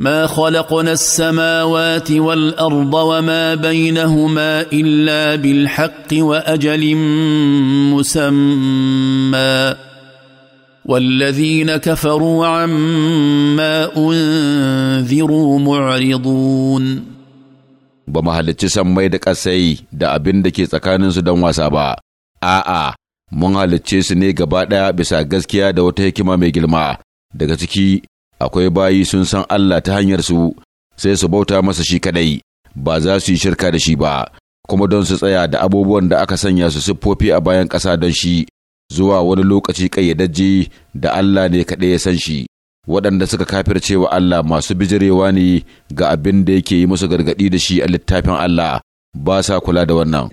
ما خلقنا السماوات والارض وما بينهما الا بالحق واجل مسمى والذين كفروا عما انذروا معرضون بما هلتش سمي دك اسي دا ابن دك تكانن سدن واسابا ا ا مون هلتش سني بسا غسكيا دا وتا حكمه مي akwai bayi sun san Allah ta hanyar su sai su bauta masa shi kadai ba za su yi shirka da shi ba kuma don su tsaya da abubuwan da aka sanya su siffofi a bayan ƙasa don shi zuwa wani lokaci kayyadajje da Allah ne kaɗai ya san shi waɗanda suka kafirce wa Allah masu bijirewa ne ga abin da yake yi musu gargadi da shi a littafin Allah ba sa kula da wannan.